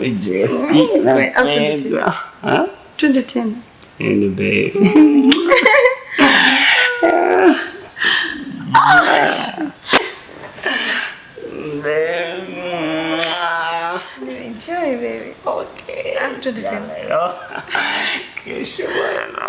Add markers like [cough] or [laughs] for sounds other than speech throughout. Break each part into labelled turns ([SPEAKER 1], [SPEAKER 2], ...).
[SPEAKER 1] Widzieli.
[SPEAKER 2] Napenda. Twende tena. Twende
[SPEAKER 1] baby. [laughs] [laughs] Oh,
[SPEAKER 2] Okay. Twende [laughs]
[SPEAKER 1] Kesho bwana.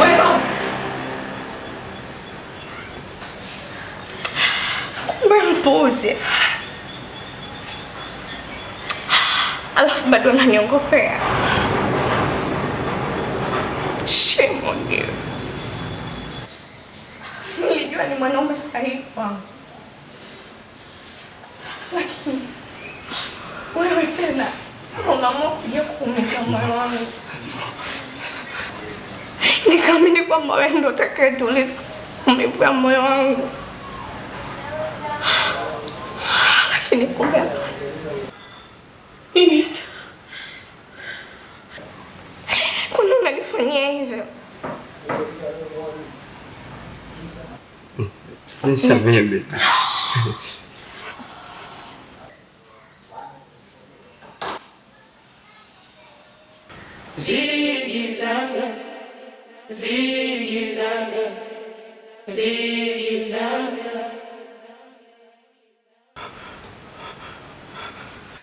[SPEAKER 2] Wewe. Kumbe mpuzi. Alafu bado ananiongopea.
[SPEAKER 1] Shame on
[SPEAKER 2] Nilijua ni mwanaume sahihi kwangu. Lakini tena unaamua kuja kuumiza moyo wangu. Nikaamini kwamba wewe ndio utakayetuliza maumivu ya moyo wangu, lakini kumbe kuna unanifanyia hivyo.
[SPEAKER 1] Nisamehe.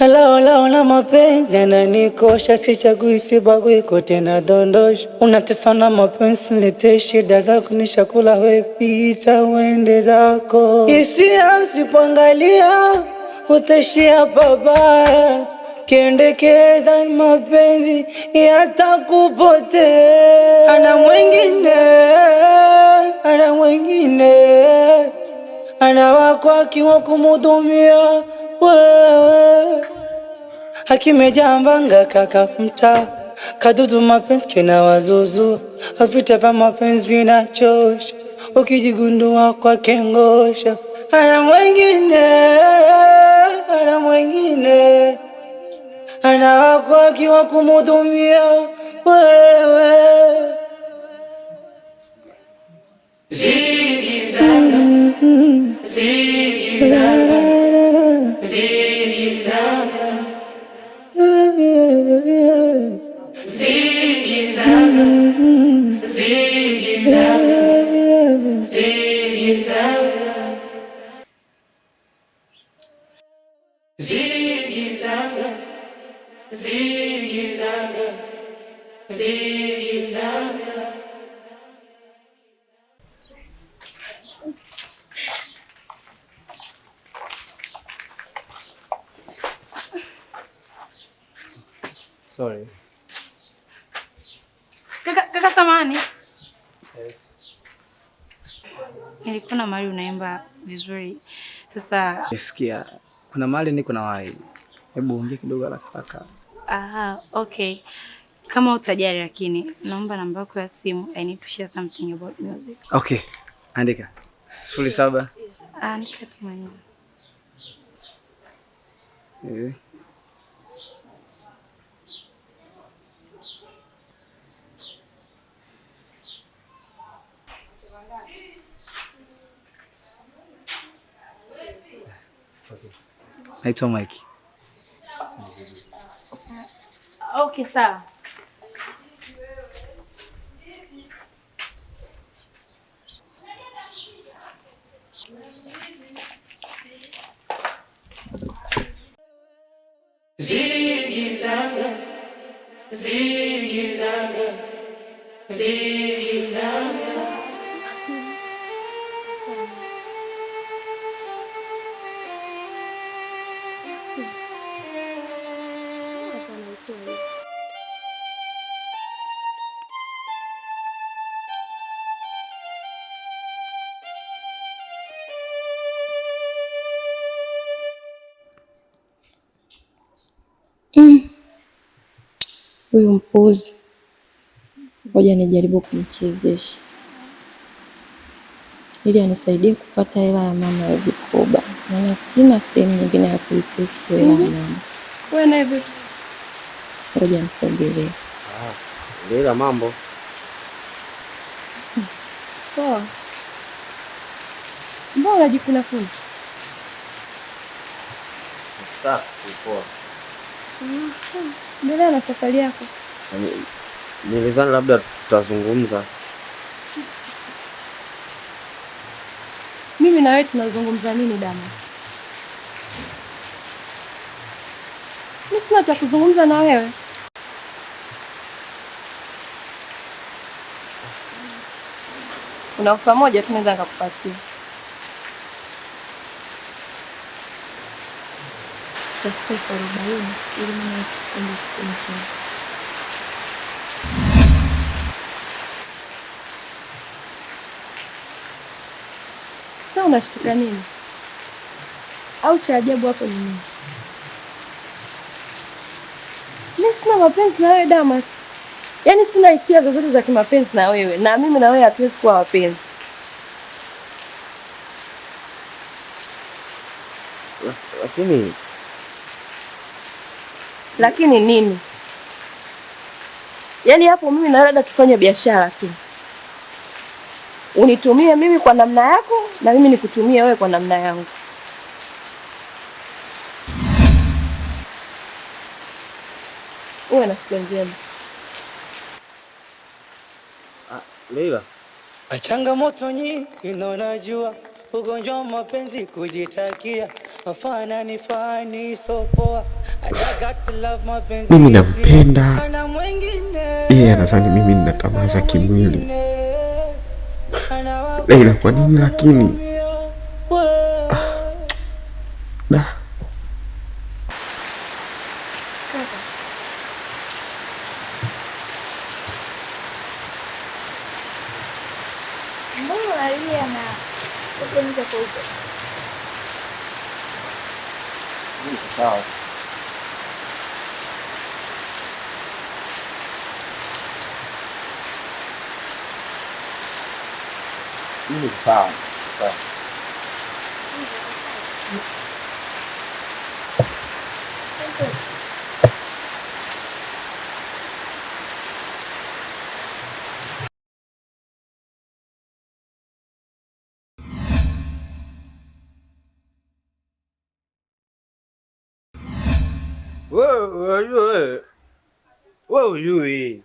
[SPEAKER 3] Laolao la mapenzi yananikosha, sichagui, sibagui, kote na dondosha. Unateswa na mapenzi, lete shida zako, ni we wepita, uende zako. Hisia usipoangalia utaishia pabaya. Kiendekeza mapenzi yatakupotea. Ana mwingine, ana mwingine, ana wako akiwa kumudumia wewe, akimejambanga kaka mta kadudu mapenzi kina wazuzu, avita vya mapenzi vinachosha, ukijigundua kwake ngosha. Ana mwingine, ana mwingine ana haki wa kumhudumia wewe Ziggy Sorry.
[SPEAKER 2] Kaka, kaka samani. Yes. Nilikuwa na mali unaimba vizuri. Sasa
[SPEAKER 4] nisikia kuna mali niko na wai Hebu ongea kidogo haraka haraka.
[SPEAKER 2] Aha, okay. Kama utajali lakini naomba namba yako ya simu. I need to share something about music.
[SPEAKER 4] Okay. Andika. 07.
[SPEAKER 2] Ah, andika tu mwenyewe. Eh. Naitwa Mike. Ok, oh, sawa.
[SPEAKER 3] Ziggy zaga, ziggy zaga, ziggy.
[SPEAKER 2] Huyu mpuzi ngoja nijaribu kumchezesha ili anisaidie kupata hela ya mama ya vikoba, maana sina sehemu nyingine ya kuipesi hela ya mhm. mama. Ngoja msogelee.
[SPEAKER 4] Ah, Ila mambo
[SPEAKER 2] poa, mbona unajikuna kuna
[SPEAKER 4] safi poa
[SPEAKER 2] Endelea na safari yako. Yaani,
[SPEAKER 4] nilidhani labda tutazungumza
[SPEAKER 2] mimi na wewe. Tunazungumza nini dama? Mimi sina cha kuzungumza na wewe. Kuna ofa moja tunaweza nikakupatia. tutachukua elfu arobaini ili mimi niende Sasa unashtuka nini? Au cha ajabu hapo ni nini? Mimi sina mapenzi na wewe Damas, yaani sina hisia zozote za kimapenzi na wewe, na mimi na wewe hatuwezi kuwa wapenzi. Lakini lakini nini, yaani hapo mimi na dada tufanye biashara tu, unitumie mimi kwa namna yako na mimi nikutumie wewe kwa namna yangu. Uwe na siku njema.
[SPEAKER 4] Ah, Leila, ah, changamoto nyingi, najua ugonjwa wa mapenzi kujitakia mimi nampenda yeye, anazani mimi nina tamaa za kimwili Leila, kwa nini lakini ah. itself. Even sound. So. Thank you.
[SPEAKER 5] wewe ujui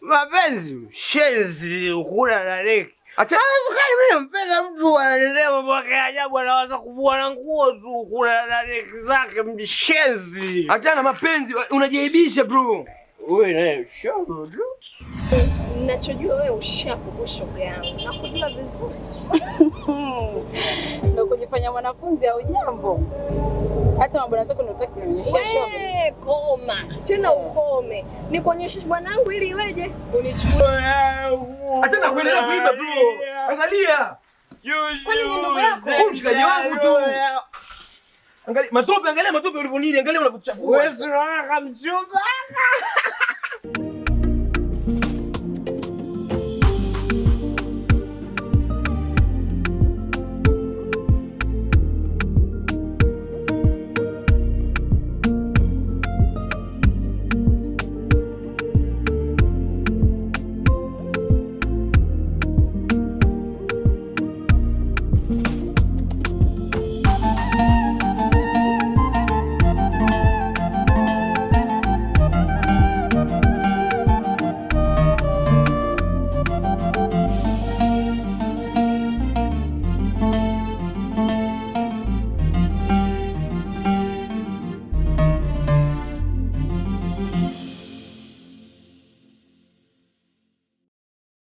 [SPEAKER 5] mapenzi shenzi ukuna naniki Achaazukani mimi mpenda mtu anaendelea mambo yake ya ajabu, anawaza kuvua na nguo tu, kuna dadeki zake mshenzi. Achana mapenzi, unajaibisha bro. Wewe naye shogo tu.
[SPEAKER 2] Ninachojua wewe ushakubu shoga yangu. Nakujua vizuri. [laughs] Ndio kujifanya mwanafunzi au jambo hata mabwana zako ndio utaki kunionyesha shoga.
[SPEAKER 6] Wewe koma. Tena eh. ukome. Nikuonyeshe bwanangu ili iweje? Unichukue.
[SPEAKER 5] Acha na kuendelea kuimba bro. Angalia. Kwani ni ndugu mshikaji wangu tu. Angalia matope, angalia matope ulivyo nini, angalia unavyochafua. Wewe unaona kama mchunga. [laughs]